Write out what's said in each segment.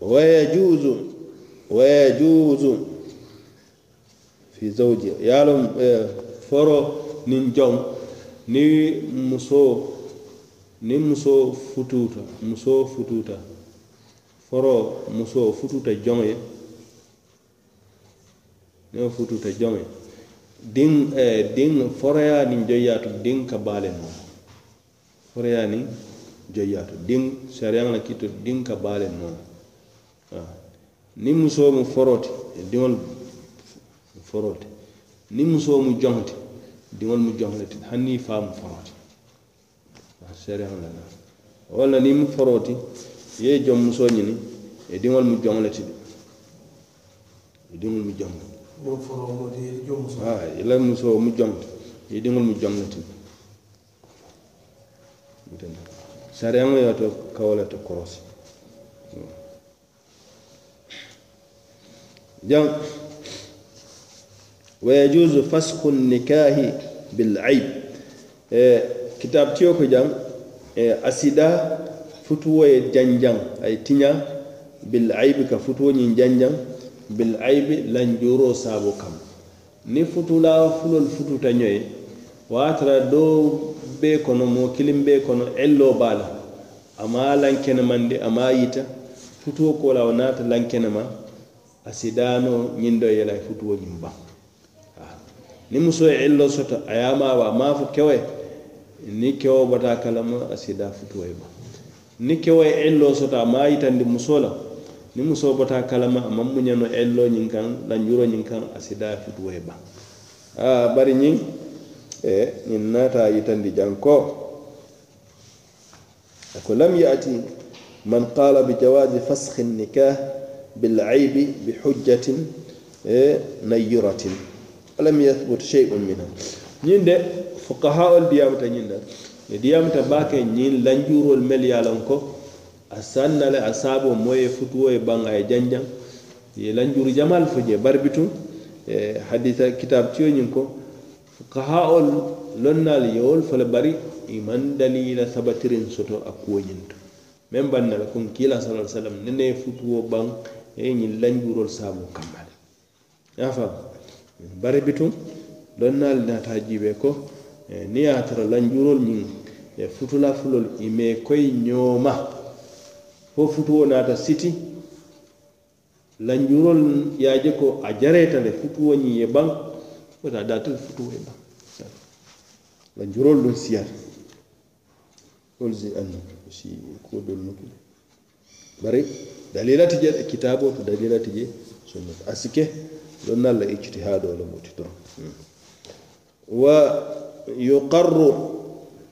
wayajuzu wayajuzu fi zawji yalom foro nin jom ni muso ni muso fututa muso fututa foro muso fututa jomye ni fututa jomye din eh, din foroya ni joyatu din ka balen mo foroya ni joyatu din sharia na kitu din ka balen mo ni musoo mu foroti diŋol foroti ni musoo mu joŋti diŋol mu joŋleti hani faa mu foroti sereolana walla ni mu foroti ye jom musoo ñini e diŋol mu joŋleti de e diŋol mu joŋti e la musoo mu joŋti ye diŋol mu joŋleti sereŋo yeto kawoleto korosi mm. jam wayajuse fasku nikahi bil aib e kitab tiyo ko jam e asida futuwo e janjang ay tiña bil aibi ka futuwo ñin janjang bil aibi lanjuro sabo kam ni futula fulol fututa ñoye watara do be kono mo kilim be kono ello bala ama lankene mandi ama yita futuwo kola wa naata lankene ma a sidano ñindo yela e futuwo ñum ba ni muso e illo soto a yamawa mafo kewe ni kewo bata kalama a sida futuwo e ba ni kewo e illo soto a mayitandi muso la ni muso bata kalama a mammuñano illo ñin kan lanjuro ñin kan a sida futuwo e ba a bari ñin e ñin nata yitandi janko ako lam yati man qala bi jawazi fasxi nikah bilaibi bihujjatin e nayyuratin alam yathbut shay'un minha ñin de fuqaha ol diyamata ñin da e diyamata bake ñin lanjurol mel yalan ko a sannale a saabo moye futuwo e banga e janjang ye lanjur jamal fuje barbitu e hadita kitab tiyo ñin ko fuqaha ol lonnal yewol fole bari iman dalila sabatirin soto a kuwoñinto meme bannala kon kila sa sallam nene futuwo bang ei ñiŋ lanjuurol saamu kamma le a faamu bari bitum loŋ naali naata jiibee ko e niŋ ye a tara lanjuurolu ñiŋ e futulafulolu i mee koyi ñooma fo futuwo naata siti lanjuurolu ye a je ko a jareeta le futuwo ñiŋ ye baŋ wota daata le futuwo ye baŋ lanjuurolu loŋ siyaata wolu si annu si kuo doolu nukile bari dalilati je e kitabo to dalilati je sunnat asike ɗon nalla icciti ha dole muti ton wa yuqarru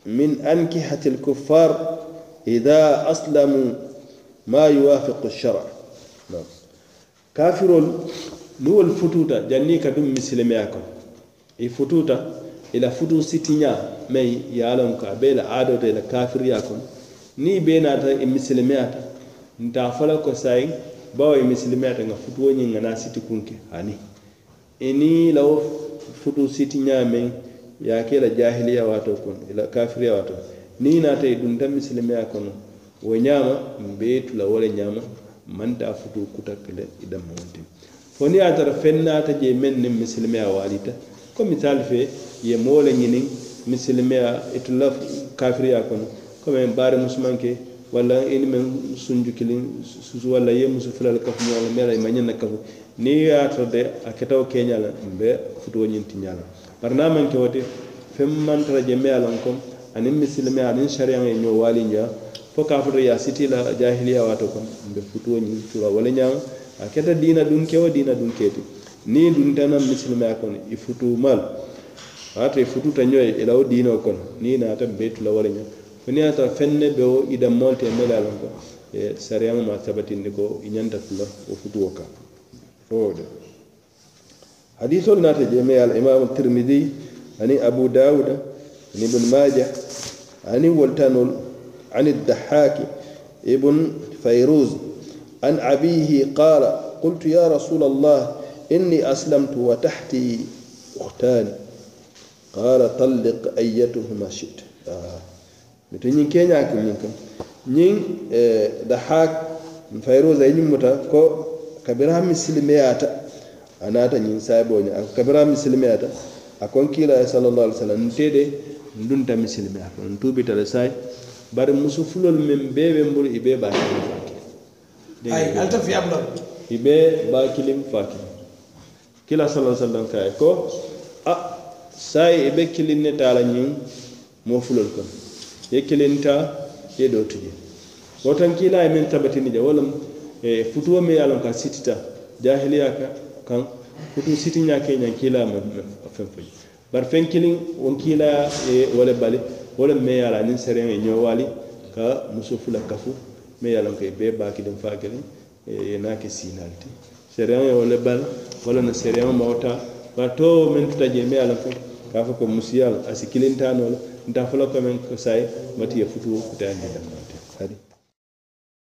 min ankihati lkuffar ida aslamu ma yuwafiqu lshara kafirol nuwol fututa janni ka ɗum misilme a kon i fututa ila futu sitiña mai yalon ka bela adota ila kafiriya kon ni benata e misilme ata nta fola ko sayi bawo e misilimeyata nga futuwo ñin ngana siti kunke ani ini e law futu siti ñaame ya ke la jahiliya wato kon ila kafiriya wato ni na tay e dun tan misilimeya kono wo ñaama mbe tula wala ñaama manta futu kuta kele idan mawanti foni atara fennata je men ni misilimeya walita ko misal fe ye mole ñinin misilimeya itula e kafiriya kono comme bare musumanke ke walla ini men sunju kiliŋ susu walla ye musu fulal kafu ñoola mela ima ñanna kafu ni yaata de a ketawo keñala be futuo ñinti ñala bari na man ke wote feŋ mantara je me alan kom aniŋ misilime aniŋ sariyaŋ ye ñoo waali ja fo ka foto ya siti la jahiliya waato kon be futuo ñin tura wala ñaŋ a keta diina dun ke wo diina dun keti ni dun tanan misilime a kono i futu mal wato i fututa ñoye ila wo diinoo kono ni naata be tula wala ñaŋ fene ye a tara feŋ ne be wo idamoolu te mele a loŋ ko sariyaŋo ma sabatindi ko i ñanta fula wo futuwo kaŋ o de hadisolu naata je me ye alimamu tirmidi ani abu dawuda ani ibnu maja ani woltanol ani dahaki ibn fayruz an abihi qala قلت يا رسول الله إني أسلمت وتحتي أختان قال طلق أيتهما شئت آه. mito ñing keñakim ñing kam ñing da e, haak fayrosa e ñimmuta ko kabira misilimeyata anata ñing sayboña ako kabira misilimeyata a konkiila e sallallahu alai sallam ntede ndunta misilimeya kono ntuubitale say bari musu fulol min beeɓen mbur i ɓe bakilim fakilaltafiyabla i ɓe bakilim fakil kila sallah sallam kay ko a say i ɓe kilinne taala ñing mo fulol kono ye kelenta ye ɗotuje wotan kila e, e min tabatinija wolam e futuwo me yalam ka sitita jahiliya ka kan futu sitiña ke ñan kila me fen foji bar fen kilin won kila e wole bali wole me yala nin sereŋ e ñowali ka muso fula kafu me yalam ka e be bakidin fa kelen e ye na ke sinalti sereŋ e wole bal wala na sereŋ mawta bar to min tutaje me yalam fo ka fo ko musiyal asi kilintanola dafala ko men ko say mati ya futu ko tan ni